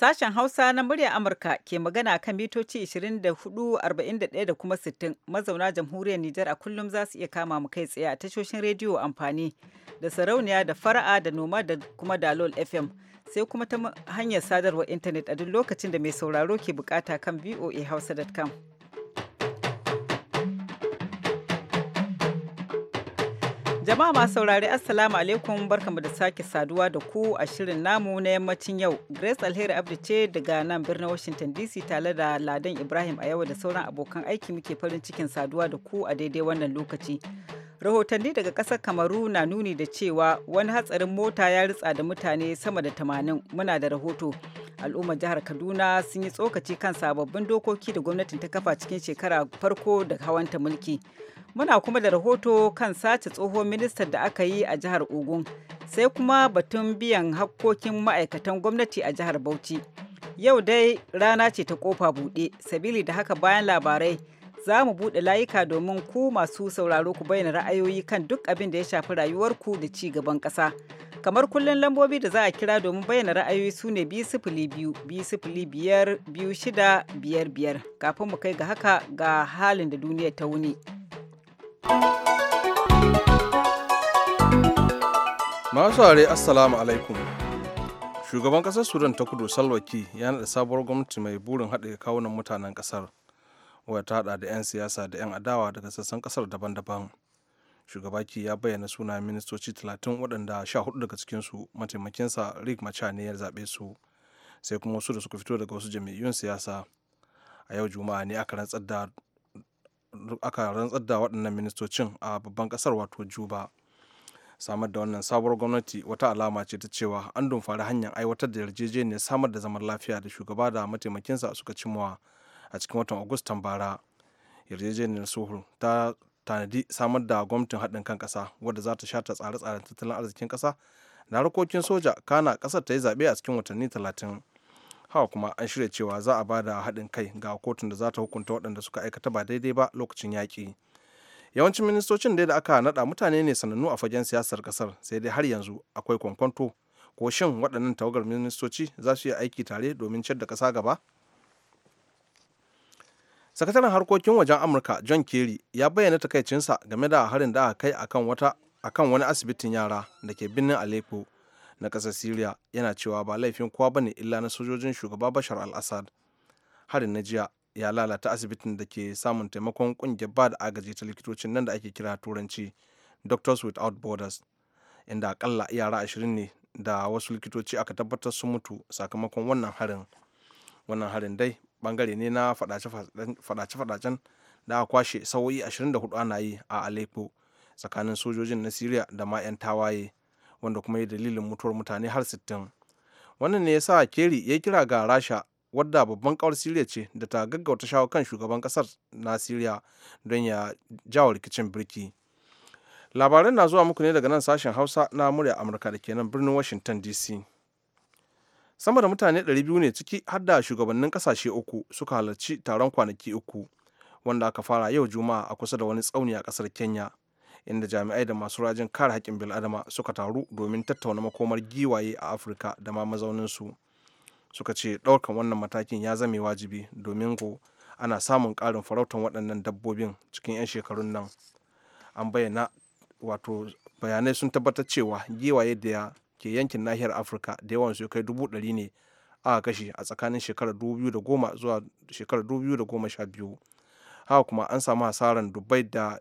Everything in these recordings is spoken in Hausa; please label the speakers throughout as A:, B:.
A: Sashen Hausa na murya Amurka ke magana kan mitoci 24,41 da kuma 60 mazauna jamhuriyar Nijar a kullum za su iya kama mu kai tsaye a tashoshin rediyo amfani da sarauniya da fara'a da noma da kuma dalol FM sai kuma ta hanyar sadarwar intanet a duk lokacin da mai sauraro ke bukata kan voahausa.com. Jama'a masu saurari Assalamu alaikum barkamu da sake saduwa da ku a shirin namu na yammacin yau. Grace Alheri Abdi ce daga nan birnin Washington DC tare da Ladan Ibrahim a yau da sauran abokan aiki muke farin cikin saduwa da ku a daidai wannan lokaci. rahotanni daga ƙasar kamaru na nuni da cewa wani hatsarin mota ya ritsa da mutane sama da tamanin muna da rahoto al'ummar jihar kaduna sun yi tsokaci kan sababbin dokoki da gwamnatin ta kafa cikin shekara farko da hawanta mulki muna kuma da rahoto kan sace tsohon ministan da aka yi a jihar ogun sai kuma batun biyan hakkokin ma'aikatan gwamnati a jihar bauchi yau dai rana ce ta kofa buɗe sabili da haka bayan labarai za mu buɗe layuka domin ku masu sauraro ku bayyana ra'ayoyi kan duk abin da ya shafi rayuwarku da ci gaban ƙasa. Kamar kullum lambobi da za a kira domin bayyana ra'ayoyi su ne biyu sifili biyu, biyu sifili biyar, biyu shida biyar biyar. Kafin mu kai ga haka ga halin da duniyar ta wuni.
B: Masu are Assalamu alaikum. Shugaban ƙasar Sudan ta kudu Salwaki, ya naɗa sabuwar gwamnati mai burin haɗe kawunan mutanen ƙasar. wadda ta hada da 'yan siyasa da 'yan adawa daga sassan kasar daban-daban shugaba ki ya bayyana suna ministoci 30 waɗanda 14 daga cikinsu mataimakinsa rick macha ne ya zaɓe su sai kuma wasu da suka fito daga wasu jami'un siyasa a yau juma'a ne aka rantsar da aka rantsar da waɗannan ministocin a babban ƙasar wato juba samar da wannan sabuwar gwamnati wata alama ce ta cewa an dumfari hanyar aiwatar da yarjejeniyar samar da zaman lafiya da shugaba da mataimakinsa suka cimowa a cikin watan agustan bara yarjejeniyar sohur ta tanadi samar da gwamnatin haɗin kan ƙasa wadda za ta shata tsare-tsaren tattalin arzikin ƙasa da harkokin soja kana ƙasar ta yi zaɓe a cikin watanni talatin hawa kuma an shirya cewa za a bada haɗin kai ga kotun da za ta hukunta waɗanda suka aikata ba daidai ba lokacin yaƙi yawancin ministocin da aka naɗa mutane ne sanannu a fagen siyasar ƙasar sai dai har yanzu akwai kwankwanto ko shin waɗannan tawagar ministoci za su yi aiki tare domin ciyar da kasa gaba sakataren harkokin wajen amurka john kerry ya bayyana takaicinsa game da harin da aka kai akan wata akan wani asibitin yara da ke birnin aleppo na ƙasar syria yana cewa ba laifin kowa bane illa na sojojin shugaba bashar al-assad harin na jiya ya lalata asibitin da ke samun taimakon kungiyar ba da agaji ta likitocin nan da ake kira turanci doctors without borders inda akalla yara ashirin ne da wasu likitoci aka tabbatar sun mutu sakamakon wannan harin wannan harin dai bangare ne na fadace-fadacen da aka kwashe sa'o'i 24 ana yi a aleppo tsakanin sojojin na syria da ma 'yan tawaye wanda kuma yi dalilin mutuwar mutane har 60 wannan ne ya sa keri ya kira ga rasha wadda babban kawar syria ce da ta gaggauta shawo kan shugaban kasar na syria don ya jawo rikicin birki labaran na zuwa muku ne daga nan sashen hausa na murya amurka da kenan birnin washington dc sama da mutane 200 ne ciki har da shugabannin kasashe uku suka halarci taron kwanaki uku wanda aka fara yau juma'a a kusa da wani tsauni a kasar kenya inda jami'ai da masu rajin kare haƙƙin bil'adama suka taru domin tattauna makomar giwaye a afirka da ma mazauninsu suka ce ɗaukan wannan matakin ya zame wajibi domin ko ana samun ƙarin farautan waɗannan dabbobin cikin 'yan shekarun nan an bayyana wato bayanai sun tabbatar cewa giwaye da ke yankin nahiyar afirka da yawan su kai dubu ɗari ne a kashe a tsakanin shekarar goma zuwa shekarar biyu haka kuma an samu hasaran dubbai da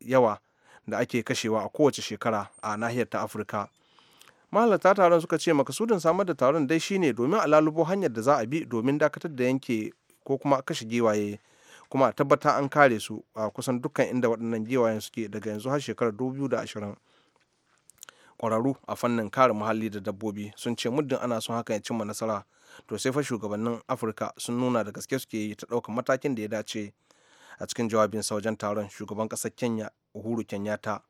B: yawa da ake kashewa a kowace shekara a nahiyar ta afirka mahalarta taron suka ce makasudin samar da taron dai shine domin a lalubo hanyar da za a bi domin dakatar da yanke ko kuma kashe giwaye kuma a tabbata an kare su a kusan dukkan inda waɗannan giwayen suke daga yanzu har shekarar 2020 ƙwararru a fannin kare muhalli da dabbobi sun ce muddin ana son haka ya cimma nasara to sai fa shugabannin afirka sun nuna da gaske suke yi ta ɗaukar matakin da ya dace a cikin jawabin wajen taron shugaban ƙasar kenya uhuru kenyatta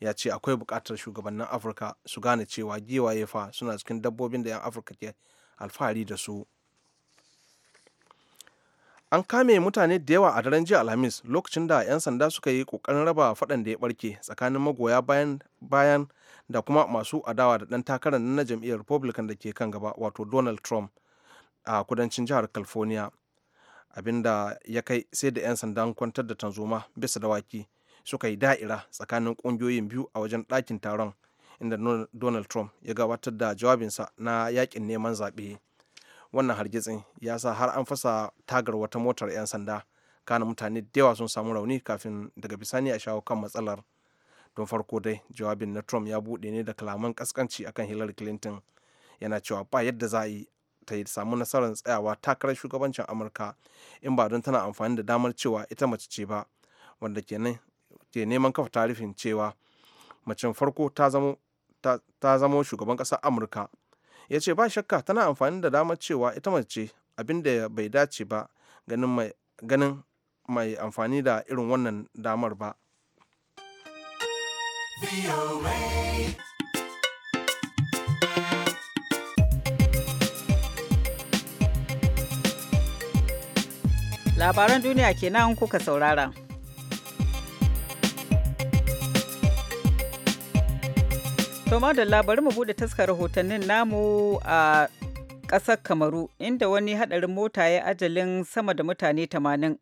B: ya ce akwai buƙatar shugabannin afirka su gane cewa giwaye fa suna cikin dabbobin da 'yan afirka ke alfahari da su an kame mutane da yawa a daren jiya alhamis lokacin da 'yan sanda suka yi kokarin raba faɗan da ya ɓarke tsakanin magoya bayan da kuma masu adawa da ɗan takarar na jam'iyyar republican da ke kan gaba wato donald trump a kudancin jihar california abinda ya kai sai da 'yan sandan kwantar da tanzoma bisa dawaki suka yi da'ira tsakanin ƙungiyoyin biyu a wajen ɗakin taron inda donald trump ya gabatar da jawabinsa na yakin neman zaɓe wannan hargitsin ya sa har an fasa tagar wata motar 'yan sanda kana mutane da yawa sun samu rauni kafin daga bisani a shawo kan matsalar don farko dai jawabin na trump ya buɗe ne da kalaman kaskanci akan hillary clinton yana cewa ba yadda za a yi ta samu nasarar tsayawa takarar shugabancin amurka in ba don tana amfani da damar cewa ita mace ce ba wanda ke neman kafa tarifin cewa macen farko ta zamo shugaban ƙasar amurka ya ce ba shakka tana amfani da damar cewa ita mace abin da bai dace ba ganin mai amfani da irin wannan damar ba
A: Labaran duniya kenan kuka saurara. To da labarin mu buɗe taskar rahotannin namu a ƙasar Kamaru inda wani haɗarin mota ya ajalin sama da mutane 80.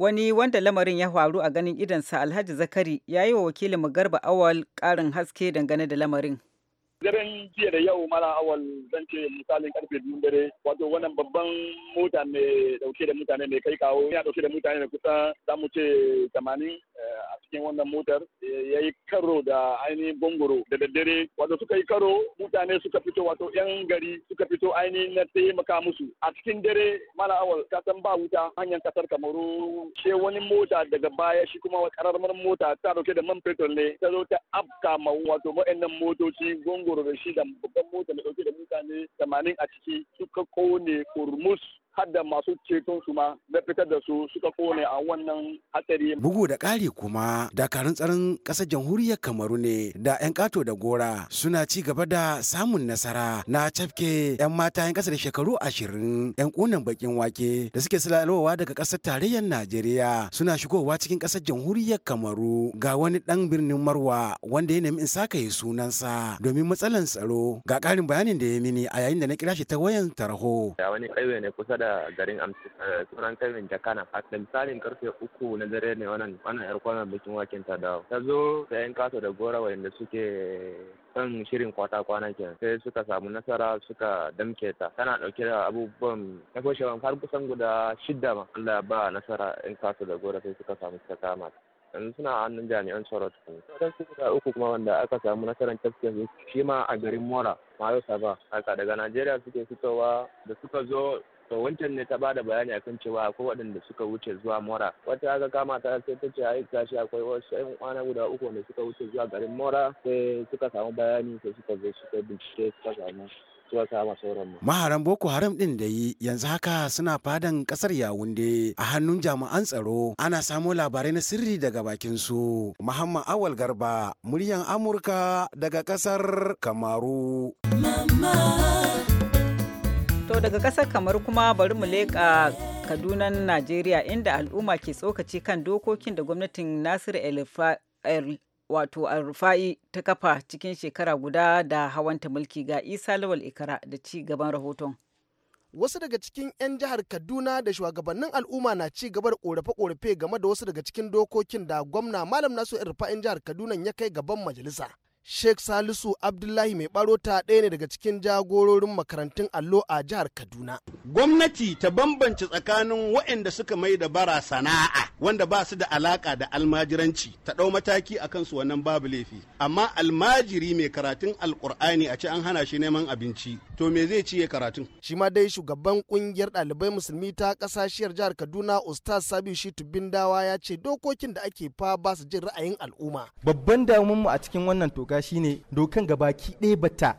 A: wani wanda lamarin ya faru a ganin idansa alhaji zakari ya yi wa wakilinmu garba awal karin haske dangane da lamarin
C: daren jiya da yau mara awal zan ce misalin karfe biyu dare wato wannan babban mota mai dauke da mutane mai kai kawo ya dauke da mutane da kusa za mu ce tamanin eh, a cikin wannan motar eh, ya yi karo da ainihin gongoro da daddare wato suka yi karo mutane suka fito wato yan gari suka fito ainihin na taimaka musu a cikin dare mara awal kasan ba wuta hanyar kasar kamaru ce wani mota daga baya shi kuma karamar mota ta dauke da man fetur ne ta zo ta afka ma wato wa'annan motoci gongoro goro da shi da babban mota mai dauke da mutane tamanin a ciki suka kone kurmus hadda masu ceton su ma na fitar da su suka kone a wannan hatsari.
D: Bugu da ƙari kuma dakarun tsaron ƙasar jamhuriyar Kamaru ne da 'yan ƙato da gora suna ci gaba da samun nasara na cafke 'yan mata 'yan ƙasa da shekaru ashirin 'yan ƙunan bakin wake da suke silalowa daga ƙasar tarayyar Najeriya suna shigowa cikin ƙasar jamhuriyar Kamaru ga wani ɗan birnin Marwa wanda ya nemi in saka yi sunansa domin matsalan tsaro ga ƙarin bayanin da ya mini a yayin da na kira shi ta wayan tarho.
E: wani ƙauye ne kusa da a garin eh, sunan kaimin jakana a misalin karfe uku na dare ne wannan wannan yar kwanan bikin waken ta dawo ta zo sayan kato da gora wanda suke kan shirin kwata kwana kenan sai suka samu nasara suka damke ta tana dauke da abubuwan na fashewan har kusan guda shida ma Allah ba nasara in kato da gora sai suka samu suka kama yanzu suna hannun jami'an tsaro tukun sauran su guda uku kuma wanda aka samu nasarar tafkiyar shi ma a garin mora mayo saba haka daga najeriya suke fitowa da suka zo to wancan ne ta ba da bayani akan cewa akwai waɗanda suka wuce zuwa mora wata aka kama ta sai ta ce ai gashi akwai wasu yan uwana guda uku wanda suka wuce zuwa garin mora sai suka samu bayani sai suka zo suka bincike suka samu
D: Maharan Boko Haram ɗin da yi yanzu haka suna fadan ƙasar Yawunde a hannun jami'an tsaro ana samo labarai na sirri daga bakin su. Muhammad Awal Garba, muryan Amurka daga ƙasar Kamaru. Mama.
A: To daga ƙasar kamar kuma bari mu leƙa Kadunan Najeriya inda al'umma ke tsokaci kan dokokin da gwamnatin Nasiru wato Alrufa'i ta kafa cikin shekara guda da hawanta mulki ga Isa Lawal Ikara da ci gaban rahoton. wasu daga cikin 'yan jihar kaduna da shugabannin al'umma
D: na ci gaba da ƙorafe korafe game da wasu daga cikin dokokin da gwamna malam nasu irfa'in jihar kaduna ya kai gaban majalisa Sheikh Salisu Abdullahi mai ta ɗaya ne daga cikin jagororin makarantun allo a jihar Kaduna. Gwamnati ta bambance tsakanin waɗanda suka mai da bara sana'a wanda ba su da alaka da almajiranci ta ɗau mataki a kansu wannan babu laifi. Amma almajiri mai karatun alkur'ani a ce an hana shi neman abinci to me zai ci ya karatun? Shi ma dai shugaban ƙungiyar ɗalibai musulmi ta ƙasashiyar jihar Kaduna Ustaz Sabiu Shitu Bindawa ya ce dokokin da ake fa ba su jin ra'ayin al'umma. Babban mu a cikin wannan to buga shine dokan gabaki ɗaya bata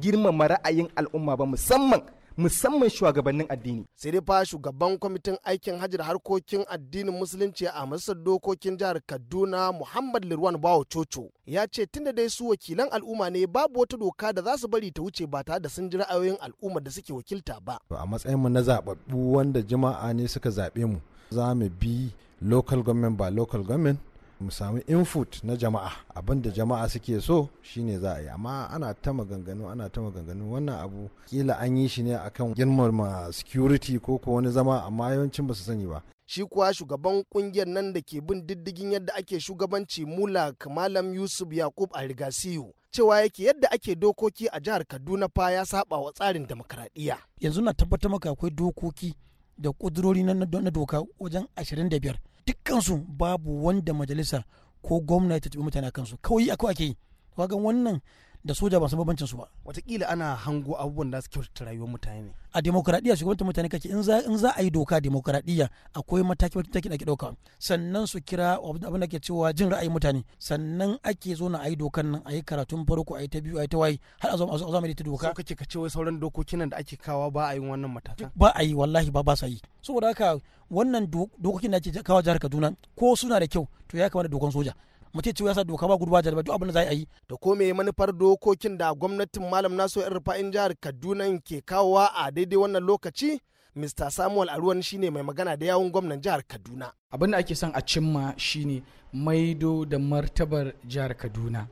D: girmama ra'ayin al'umma ba musamman musamman shugabannin addini. Sai dai fa shugaban kwamitin aikin hajji harkokin addinin musulunci a masar dokokin jihar Kaduna Muhammad Lirwan Bawo Coco ya ce tunda dai su wakilan al'umma ne babu wata doka da za su bari ta wuce ba tare da sun ji ra'ayoyin al'umma da suke wakilta ba.
F: A matsayin mu na zaɓaɓɓu wanda jama'a ne suka zaɓe mu za mu bi local government ba local government mu samu input na jama'a abin da jama'a suke so shine za a yi amma ana ta maganganu ana ta maganganu wannan abu kila an yi shi ne akan girmama security ko ko wani zama amma yawancin ba su sani ba
D: shi kuwa shugaban kungiyar nan da ke bin diddigin yadda ake shugabanci mula malam yusuf yakub a rigasiyu cewa yake yadda ake dokoki a jihar kaduna fa ya saba wa tsarin demokradiyya yanzu na tabbatar maka akwai dokoki da kudurori na doka wajen 25 dukkansu babu wanda majalisa ko gwamna ta tafi mutane kansu kawai akwai ake yi wannan da soja ba su bambancin su ba watakila ana hango abubuwan da su kyautata rayuwar mutane ne a demokradiyya shugabantar mutane kake in za in za a yi doka demokradiyya akwai mataki mataki da ake dauka sannan su kira abin da ke cewa jin ra'ayin mutane sannan ake zo na ayi dokan nan ayi karatun farko ayi ta biyu ayi ta wayi har a zo a zo ta doka so kake ka ce wai sauran dokokin nan da ake kawa ba a yi wannan matakan ba a yi wallahi ba ba sa yi saboda haka wannan dokokin da ake kawo jihar Kaduna ko suna da kyau to ya kamata dokan soja mutum ce ya sa doka ba gudu ba duk abin da za a yi da ko me manufar dokokin da gwamnatin malam naso yan rufa'in jihar kaduna ke kawowa a daidai wannan lokaci Mr. Samuel Aruwan shine mai magana da yawun gwamnan jihar Kaduna.
G: Abin da ake son a cimma shine maido da martabar jihar Kaduna.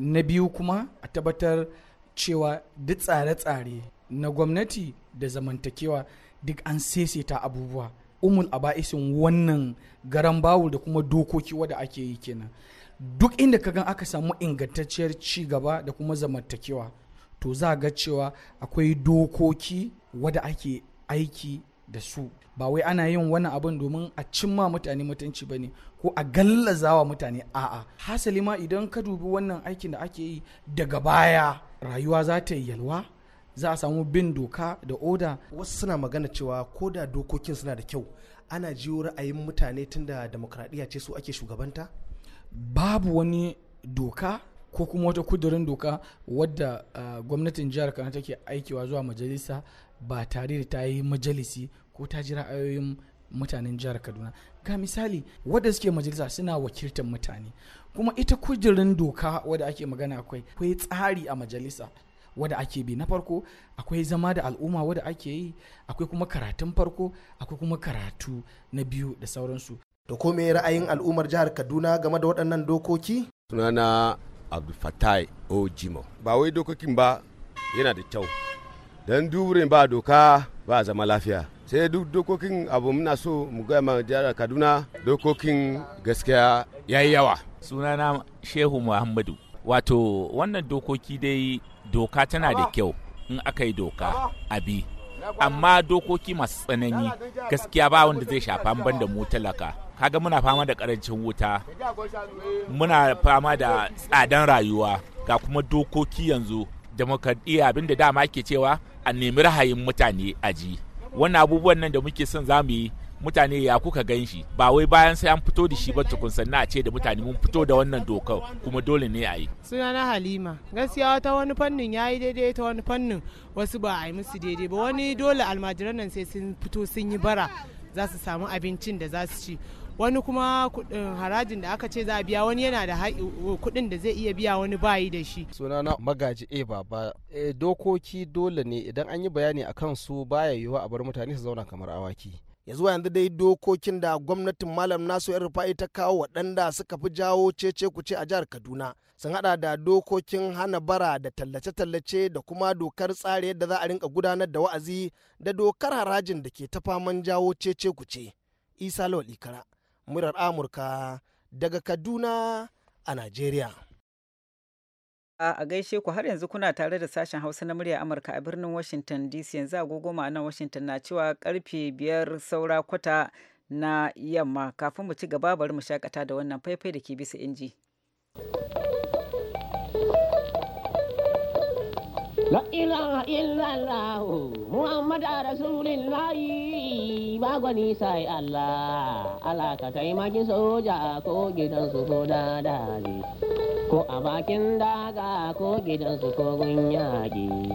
G: na biyu kuma a tabbatar cewa duk tsare-tsare na gwamnati da zamantakewa duk an seseta abubuwa. Umul a ba'isin wannan garan bawul da kuma dokoki wadda ake yi kenan. duk inda ka gan aka samu ingantacciyar ci gaba da kuma zamantakewa to za ga cewa akwai dokoki wadda ake aiki da su ba wai ana yin wani abin domin a cimma mutane mutunci ba ne ko a gallazawa mutane a'a hasali ma idan ka dubi wannan aikin da ake yi daga baya rayuwa za ta yi yalwa za a
D: samu bin doka da oda wasu suna magana cewa ko da dokokin suna da kyau ana jiyo ra'ayin mutane tunda da ce su ake shugabanta babu wani
G: doka ko kuma wata kudurin doka wadda uh, gwamnatin jihar kano take aikewa zuwa majalisa ba tare da ta yi majalisi ko ta jira ayoyin mutanen jihar kaduna ga misali wadda suke majalisa suna wakiltar mutane kuma ita kudurin doka wadda ake magana akwai akwai tsari a majalisa wadda ake bi na farko akwai zama da al'umma wadda ake yi akwai kuma karatun farko akwai kuma karatu
D: na biyu da sauransu da me ra'ayin al'ummar jihar kaduna game da waɗannan dokoki sunana abdulfatai ojimo ba wai dokokin ba yana da kyau don duburin ba doka ba zama lafiya sai duk dokokin abu muna so mu ga ma jihar kaduna dokokin
E: gaskiya yayi yawa sunana shehu muhammadu wato wannan dokoki dai doka tana da kyau in aka yi doka abi amma dokoki masu tsanani gaskiya ba wanda zai shafa ban da mu talaka kaga muna fama da karancin wuta muna fama da tsadan rayuwa ga kuma dokoki yanzu da abin da dama ke cewa a nemi rahayin mutane ji wannan abubuwan nan da muke son za mu yi mutane ya kuka gan shi ba wai bayan sai an fito da shi ba tukun sannan a ce da mutane mun fito da wannan dokar kuma dole ne a yi
D: sunana halima gaskiya wata wani fannin ya yi daidai ta wani fannin wasu ba a yi musu daidai ba wani dole almajiran nan sai sun fito sun yi bara za su samu abincin da za su ci wani kuma kudin harajin da aka ce za a biya wani yana da kudin da zai iya biya wani bayi da shi sunana magaji e baba e, dokoki dole ne idan an yi bayani akan su baya yiwuwa a bar mutane su zauna kamar awaki ya yanzu dai dokokin da gwamnatin malam nasu yan rufa'i ta kawo waɗanda suka fi jawo cece kuce a jihar kaduna sun hada da dokokin hana bara da tallace-tallace da kuma dokar tsari yadda za a rinka gudanar da wa'azi da dokar harajin da ke ta faman jawo cece kuce
A: isa lawal ikara murar Amurka daga Kaduna a Najeriya. A gaishe ku har yanzu kuna tare da sashen Hausa na murya Amurka a birnin Washington DC yanzu agogo ma'anar Washington na cewa karfe biyar saura kwata na yamma kafin mu ci gaba bari mu shakata da wannan faifai da ke bisa inji. La ilaha illallah Muhammad Rasulullah ba gwani sai Allah Allah ka soja ko gidan su ko dadali ko a bakin daga ko gidan su ko gunyaki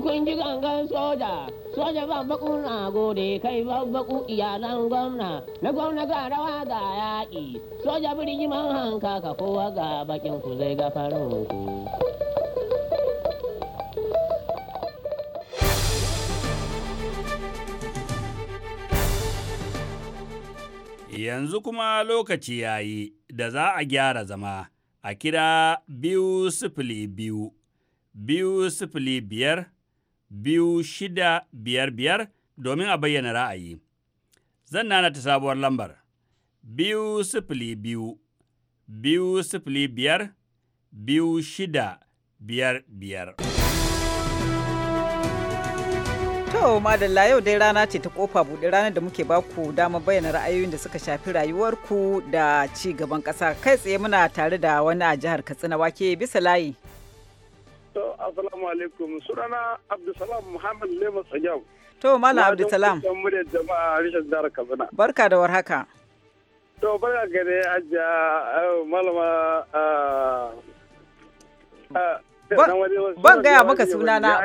A: kun ji gangan soja soja babbaku na gode kai babbaku iyalan gwamna na gwamna ga rawa ga yaƙi soja birgiman hanka ka kowa ga bakin ku zai ga farin ku
C: yanzu kuma lokaci ya yi da za a gyara zama a kira biyu sifili biyu biyu sifili biyar biyu shida biyar biyar domin a bayyana ra'ayi. Zan nana ta sabuwar lambar biyu sifili biyu, biyu sifili biyar, biyu shida biyar biyar.
A: To, madalla yau dai rana ce ta kofa buɗe ranar da muke baku dama bayyana ra'ayoyin da suka shafi rayuwarku da ci gaban ƙasa. Kai tsaye muna tare da wani a jihar Katsina wake bisa layi.
C: To, Assalamu alaikum. Sunana Abdusalam Muhammad Lema Sajau. To, Malam Abdulsalam. Na muryar jama'a Rishon Jihar Katsina.
A: Barka da warhaka.
C: To, barka ga ajiya eh, malama eh, eh, ban gaya maka sunana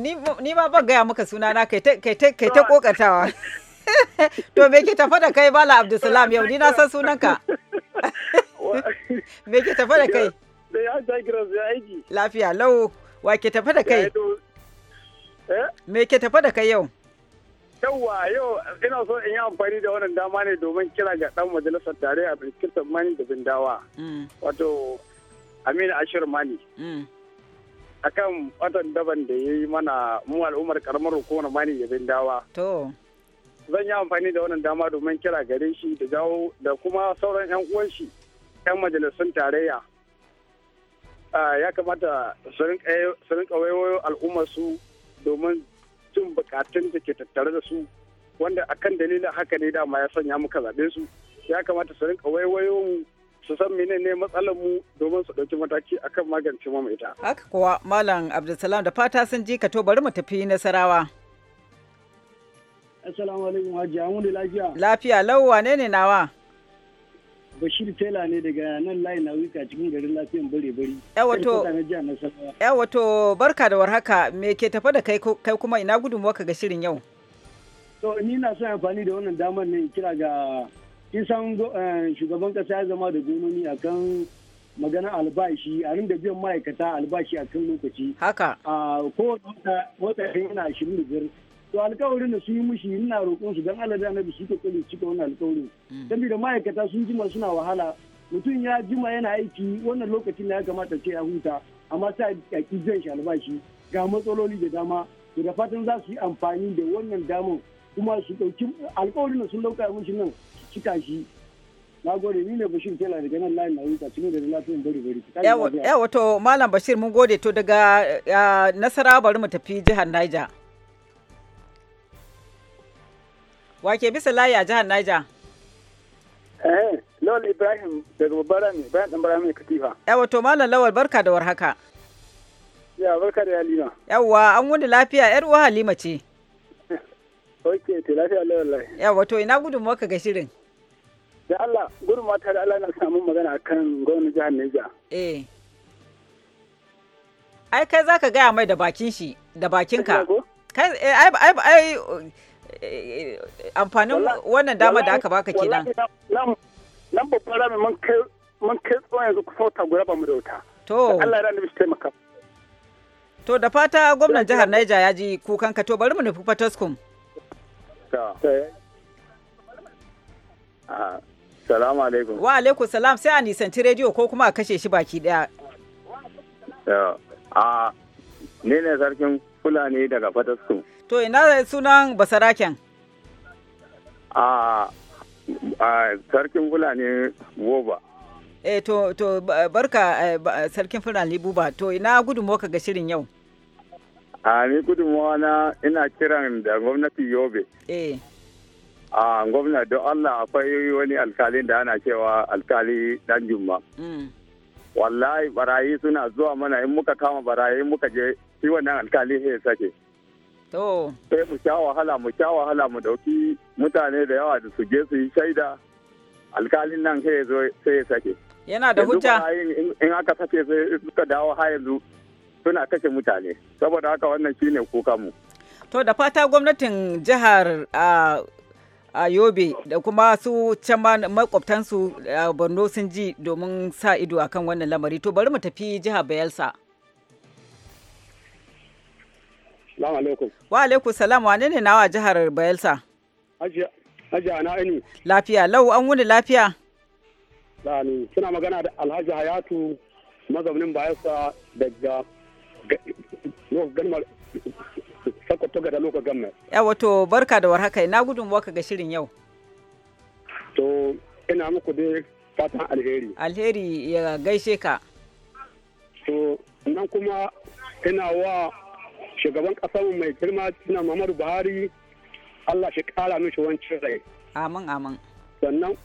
A: ni ma ban gaya maka sunana kai ta kokatawa to me ke tafa da kai bala abdulsalam yau ni na san sunanka me ke tafa da kai ya ya aiki. Lafiya lau wa ke tafi da kai? Eh? Me ke tafi da kai yau?
C: Yauwa yau ina so in yi amfani da wannan dama ne domin kira ga dan majalisar tare a birkirtar mani da bindawa. Mm. Wato Aminu Ashir Mani. Mm. Akan watan daban da ya yi mana mu al'ummar karamar hukumar mani da bindawa. To. Zan yi amfani da wannan dama domin kira gare shi da jawo da kuma sauran 'yan uwan shi 'yan majalisun tarayya. ya kamata su rinka waiwayo al'ummar su domin jin bukatun da ke tattare da su wanda akan dalilin haka ne dama ya sanya muka zaɓe su ya kamata su rinka waiwayo su san ne matsalar mu domin su ɗauki mataki akan magance mu ita. Haka
A: kuwa Malam Abdulsalam da fata sun ji ka to bari mu tafi Nasarawa.
C: Assalamu alaikum Hajji, an lafiya.
A: Lafiya, lau wane ne
C: nawa? Bashir Tela ne daga nan layi na wika cikin garin lafiyan bare bari.
A: Yawato barka da warhaka me ke tafa da kai kuma ina waka ga shirin yau.
C: To ni na son amfani da wannan damar ne kira ga kisan eh, shugaban kasa ya zama da gononi akan magana albashi a da biyan ma'aikata albashi a kan lokaci. Haka. A kowane wata yana ashirin da to alkawarin da sun yi mushi ina roƙon su don Allah da Annabi su kokari cika wannan alkawarin mm. saboda ma'aikata sun jima suna wahala mutum ya jima yana aiki wannan lokacin da ya kamata ce ya huta amma sai a ki zan shi albashi ga matsaloli da dama to da fatan za su yi amfani da wannan damar kuma su dauki alkawarin da sun ɗauka mushi nan cika shi bashir
A: yawa to malam bashir mun gode to daga eh, nasara bari mu tafi jihar niger Wake bisa layi a jihar Niger?
C: Eh, Lawal Ibrahim daga Babbar ne, bayan ɗan bara mai katifa.
A: Yawa to Malam Lawal barka da war haka.
C: Ya barka da Halima.
A: Yawa an wuni lafiya yar uwa Halima ce.
C: Ok, to lafiya Lawal lai.
A: Yawa to ina gudun maka ga shirin.
C: Da Allah, gudun mata da Allah na samu magana kan gwamnatin jihar Niger. Eh.
A: Ai kai za ka gaya mai da bakin shi, da bakinka. Kai eh, ai ai amfanin wannan dama da aka baka kenan
C: nan babban rami mun kai mun kai tsawon yanzu kusa wata guda ba mu da wuta to Allah ya rana taimaka
A: to da fata gwamnan jihar Niger ya ji kukan ka to bari mu nufi Fatoskum ah,
C: Salamu alaikum.
A: Wa alaikum salam sai a nisanci rediyo ko kuma a kashe shi baki daya.
C: Ah, ne ne sarkin Fulani daga Fatasko.
A: To ina da sunan Basaraken?
C: A sarkin Fulani Boba.
A: Eh to to barka eh, sarkin Fulani Buba to ina gudunmuwa ga shirin yau.
C: A ni gudunmuwa na ina kiran da gwamnati Yobe. Eh. a gwamna don Allah akwai wani alkali da ana cewa alkali dan Mm. Wallahi barayi suna zuwa mana in muka kama barayi muka je shi wannan alkali ya sake to sai mu sha wahala mu sha wahala mu dauki mutane da yawa da su je su yi shaida alkalin nan sai ya zo sai ya sake
A: yana da hujja
C: in aka sake sai suka dawo har yanzu suna kashe mutane saboda haka wannan shine kuka mu
A: to da fata gwamnatin jihar a yobe da kuma su can makwabtansu borno sun ji domin sa ido akan wannan lamari to bari mu tafi jihar bayelsa Salamu alaikum. Wa alaikum salam wa ne nawa jihar Bayelsa?
C: Haji na
A: aini. Lafiya lau an wuni lafiya?
C: Lani suna magana da Alhaji Hayatu mazaunin Bayelsa daga Sakwato ga Daloka Gamma.
A: Ya wato barka da warhaka na gudun waka ga shirin yau.
C: To ina muku dai fatan alheri.
A: Alheri ya gaishe ka.
C: To nan kuma ina wa shugaban kasar mai girma tuna Muhammadu Buhari Allah shi kara mishi wancan rai. Amin amin. Sannan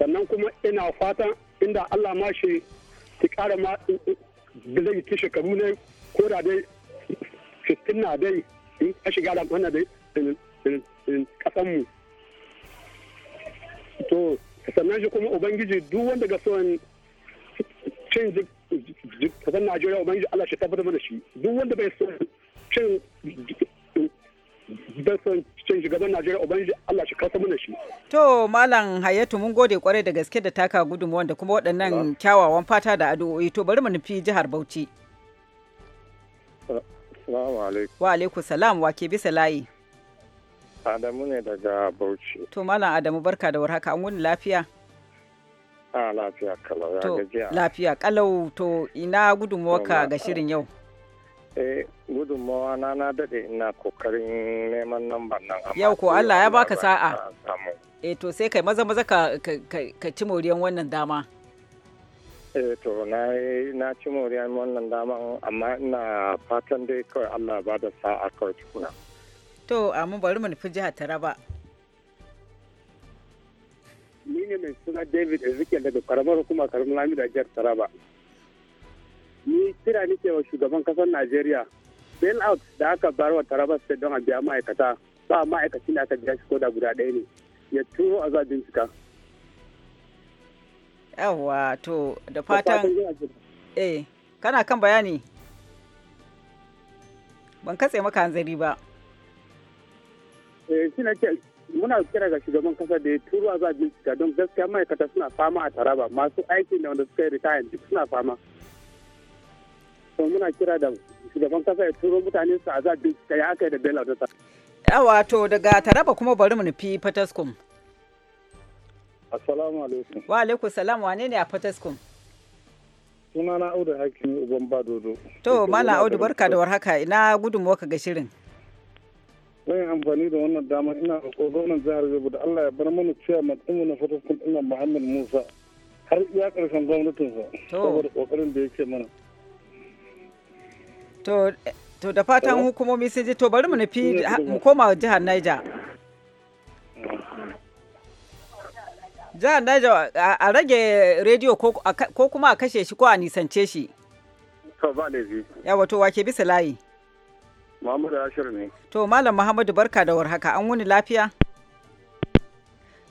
C: sannan kuma ina fatan inda Allah ma shi ki kara ma zai ki shekaru ne ko da dai fitin na dai in ka shiga da wannan dai kasan mu. To sannan shi kuma Ubangiji duk wanda ga son cin kasan Najeriya Ubangiji Allah shi tabbatar da shi duk wanda bai son shin son cin shugaban Najeriya Ubangiji Allah shi kasa mana shi.
A: To Malam Hayatu mun gode kwarai da gaske da taka gudunmuwan da kuma waɗannan kyawawan fata da addu'o'i to bari mu nufi jihar Bauchi. Wa alaikum salam wa ke bisa layi.
C: Adamu ne daga Bauchi.
A: To Malam Adamu barka da warhaka an wuni lafiya.
C: A ah, lafiya kalau ya gajiya.
A: Lafiya kalau to ina ka ga shirin yau.
C: eh gudunmawa na na dade ina kokarin neman lambar nan yau ko Allah ya baka sa'a
A: eh to sai kai maza maza ka ka ci moriyan wannan dama
C: eh to na na ci moriyan wannan dama amma ina fatan dai kawai Allah ya bada sa'a kawai tukuna
A: to amma bari mu nufi jihar Taraba
C: ni ne mai suna David Ezekiel daga karamar hukumar karamar lamida da jihar Taraba ni kira ni wa shugaban kasar najeriya bail out da aka bar wa taraba state don a biya ma'aikata ba ma'aikacin da aka biya shi koda guda ɗaya ne ya turo a za bincika
A: yawa to da fatan eh kana kan bayani ban katse maka hanzari ba
C: eh shi ce muna kira ga shugaban kasa da ya turo a za bincika don gaskiya ma'aikata suna fama a taraba masu aiki da wanda suka yi retire duk suna fama to muna kira da shugaban kasa ya turo mutane su a zaɓi ta yi haka da bela da
A: yawa wato daga taraba kuma bari mu nufi fataskum
C: assalamu alaikum
A: wa alaikum salam wane ne a fataskum
C: suna na audu hakim uban badodo to mala audu barka da
A: warhaka ina gudun waka ga shirin
C: zan yi amfani da wannan dama ina da gwamnan jihar Yobe da Allah ya bar mana cewa matsayin na fataskum ina Muhammad Musa har iya karshen gwamnatinsa saboda kokarin da yake mana.
A: To, to da fatan eh? hukumomi sun ji to bari mu nufi mu koma jihar Niger. Jihar Niger a rage rediyo ko kuma a kashe shi ko a nisance shi.
C: To ba laifi.
A: Yawa to wake bisa layi.
C: Muhammadu Ashir ne.
A: To Malam Muhammadu barka da warhaka an wuni lafiya?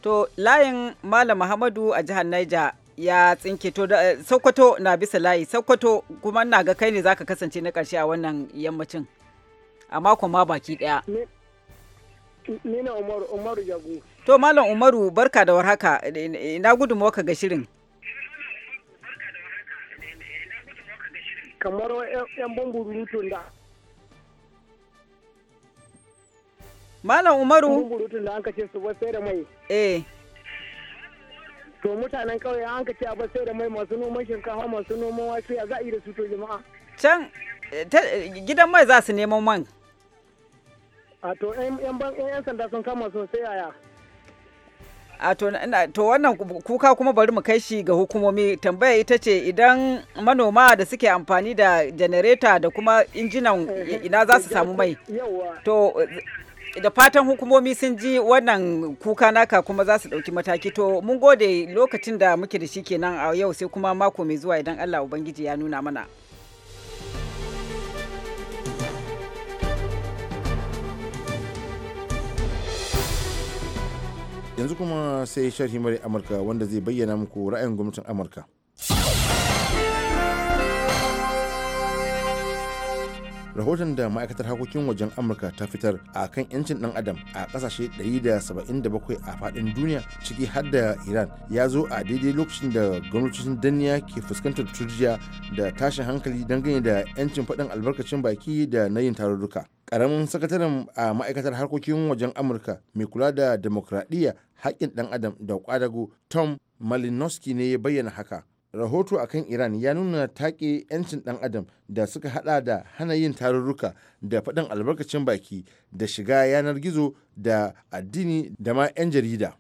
A: To layin Malam Muhammadu a jihar Niger ya tsinke to uh, sokoto na bisa layi sokoto kuma na ga kai ne zaka kasance na karshe a wannan yammacin a mako ma baki daya
C: umaru umaru jagu
A: to malam umaru barka da warhaka na gudun waka ga shirin
C: kamar yan bamburutun da
A: malam umaru bamburutun da an kace su sai da mai eh to mutanen kauye an ka ciya sai da mai masu noman shinkafa masu noman wasu ya za a yi da su to jama'a can eh, gidan mai za su neman man
D: a to yan sanda sun kama sosai yaya
A: a to wannan kuka kuma bari mu kai shi ga hukumomi tambaya ita ce idan manoma da suke amfani da janareta da kuma injinan eh, ina za su samu eh, mai to da fatan hukumomi sun ji wannan kuka naka kuma za su ɗauki mataki to mun gode lokacin da muke da shi kenan a yau sai kuma mako mai zuwa idan allah ubangiji ya nuna mana
F: yanzu kuma sai sharhi mara amurka wanda zai bayyana muku ra'ayin gwamnatin amurka rahoton da ma'aikatar harkokin wajen amurka ta fitar a kan yancin dan adam a kasashe 177 a fadin duniya ciki har da iran ya zo a daidai lokacin da gwamnatocin danniya ke fuskantar turjiya da tashin hankali dangane da yancin faɗin albarkacin baki da na yin tarurruka karamin sakataren a ma'aikatar harkokin wajen amurka mai kula da demokradiyya haƙƙin dan adam da kwadago tom malinowski ne ya bayyana haka rahoto a kan iran ya nuna take 'yancin ɗan adam da suka haɗa da hana yin tarurruka da faɗin albarkacin baki da shiga yanar gizo da addini da ma 'yan jarida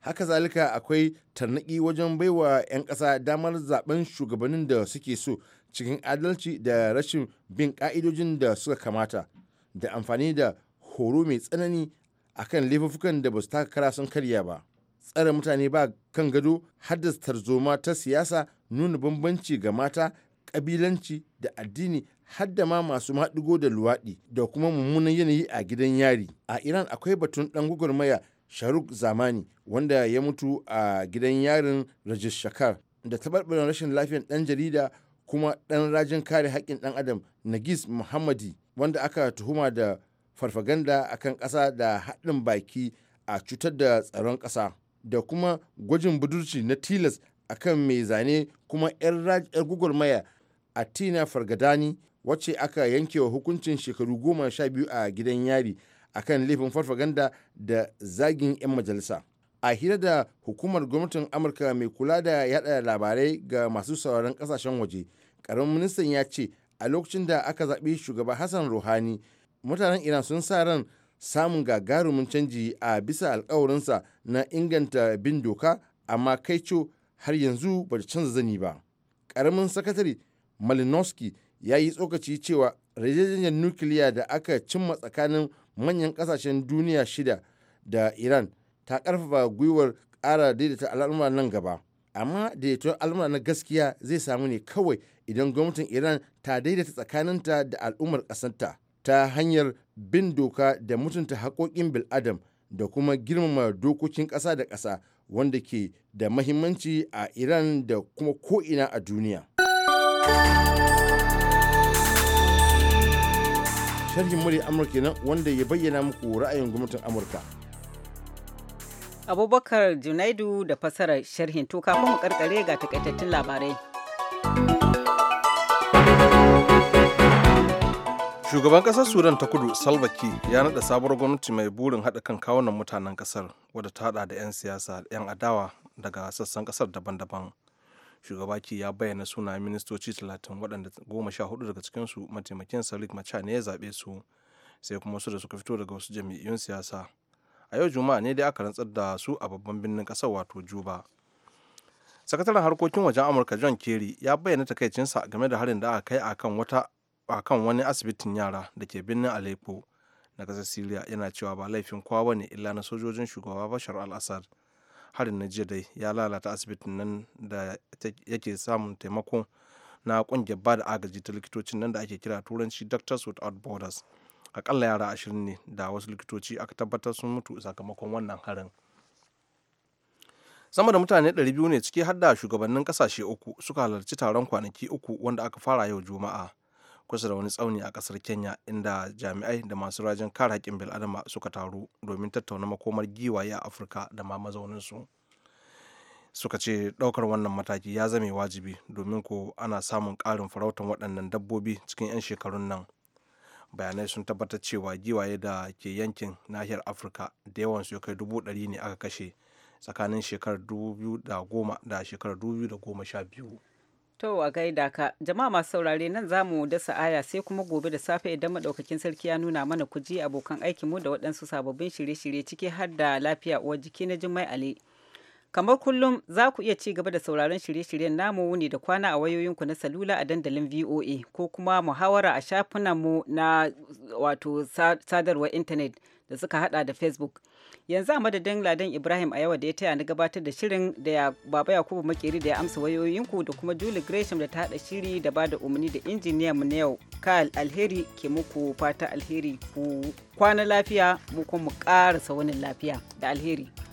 F: haka zalika akwai tarnaki wajen baiwa 'yan ƙasa damar zaben shugabannin da suke so cikin adalci da rashin bin ƙa'idojin da suka kamata da amfani da horo mai tsanani akan laifuffukan da ba su taka kara sun karya ba tsare mutane ba kan gado haddasa tarzoma ta siyasa nuna bambanci ga mata kabilanci da addini hadda ma masu maɗigo da luwaɗi da kuma mummunan yanayi a gidan yari a iran akwai batun ɗan gwagwarmaya sharuk zamani wanda ya mutu a gidan yarin rajis shakar da taɓarɓarin rashin lafiyar ɗan jarida kuma ɗan rajin kare haƙƙin ɗan adam nagis muhammadi wanda aka tuhuma da farfaganda akan ƙasa da haɗin baki a cutar da tsaron ƙasa da kuma gwajin budurci na tilas a kan mai zane kuma 'yar a tina fargadani wacce aka yankewa hukuncin shekaru goma sha biyu a gidan yari a kan laifin farfaganda da zagin 'yan majalisa a hira da hukumar gwamnatin amurka mai kula da yada labarai ga masu sauraron kasashen waje karamin ministan ya ce a lokacin da aka zaɓi shugaba hassan ruhani mutanen iran sun sa ran samun gagarumin canji a bisa alkawarinsa na inganta bin doka amma kai co har yanzu ba canza zani ba karamin sakatare malinowski ya yi tsokaci cewa rajajen nukiliya da aka cimma tsakanin manyan kasashen duniya shida da iran ta karfafa gwiwar kara daidaita al'amura nan gaba amma daidaiton al'amura na gaskiya zai samu ne kawai idan gwamnatin iran ta daidaita tsakaninta da al'ummar ƙasarta ta hanyar bin doka da mutunta haƙoƙin bil'adam da kuma girmama dokokin ƙasa da ƙasa wanda ke da mahimmanci a iran da kuma ko'ina a duniya sharhin murya amurka nan wanda ya bayyana muku ra'ayin gwamnatin amurka
A: abubakar junaidu da fasarar sharhin to kafin mu karkare ga takaitattun labarai
B: shugaban ƙasar sudan ta kudu salva ya naɗa sabuwar gwamnati mai burin haɗa kan kawunan mutanen kasar wadda ta hada da 'yan siyasa 'yan adawa daga sassan kasar daban-daban shugaba ki ya bayyana suna ministoci talatin waɗanda goma sha hudu daga cikinsu mataimakin salik macha ne ya zaɓe su sai kuma su da suka fito daga wasu jami'un siyasa a yau juma'a ne dai aka rantsar da su a babban birnin ƙasar wato juba sakataren harkokin wajen amurka john kerry ya bayyana takaicinsa game da harin da aka kai akan wata a kan wani asibitin yara da ke birnin aleppo na ƙasar syria yana cewa ba laifin kowa ne illa na sojojin shugaba bashar al-assad harin na jiya dai ya lalata asibitin nan da yake samun taimako na kungiyar ba da agaji ta likitocin nan da ake kira turanci doctors without borders akalla yara ashirin ne da wasu likitoci aka tabbatar sun mutu sakamakon wannan harin sama da mutane 200 ne ciki har da shugabannin kasashe uku suka halarci taron kwanaki uku wanda aka fara yau juma'a kusa da wani tsauni a kasar kenya inda jami'ai da masu rajin kare haƙƙin bil'adama suka taru domin tattauna makomar giwaye a afirka da ma mazauninsu suka ce ɗaukar wannan mataki ya zame wajibi domin ko ana samun ƙarin farautan waɗannan dabbobi cikin 'yan shekarun nan bayanai sun tabbatar cewa giwaye da ke yankin nahiyar afirka da yawan su kai dubu ɗari ne aka kashe tsakanin shekarar 2010 da shekarar 2012
A: To a gaida ka jama'a masu saurare nan za mu dasa aya sai kuma gobe da safe idan madaukakin sarki ya nuna mana ku ji abokan mu da waɗansu sababbin shirye-shirye ciki har da lafiya uwar jiki na jimai-ale Kamar kullum za ku iya ci gaba da sauraron shirye-shiryen namu wuni da kwana a wayoyinku na salula a dandalin VOA ko kuma muhawara a shafunanmu na wato sadarwar intanet da suka hada da Facebook. yanzu a madadin ladan ibrahim a yawa da ya taya na gabatar da shirin da ya baba yakubu makeri da ya amsa wayoyinku da kuma juli gresham da ta hada shiri da ba da umarni da injiniya mu na yau kyle alheri ke muku fata alheri ku kwana lafiya mu kuma mu karasa wani lafiya da alheri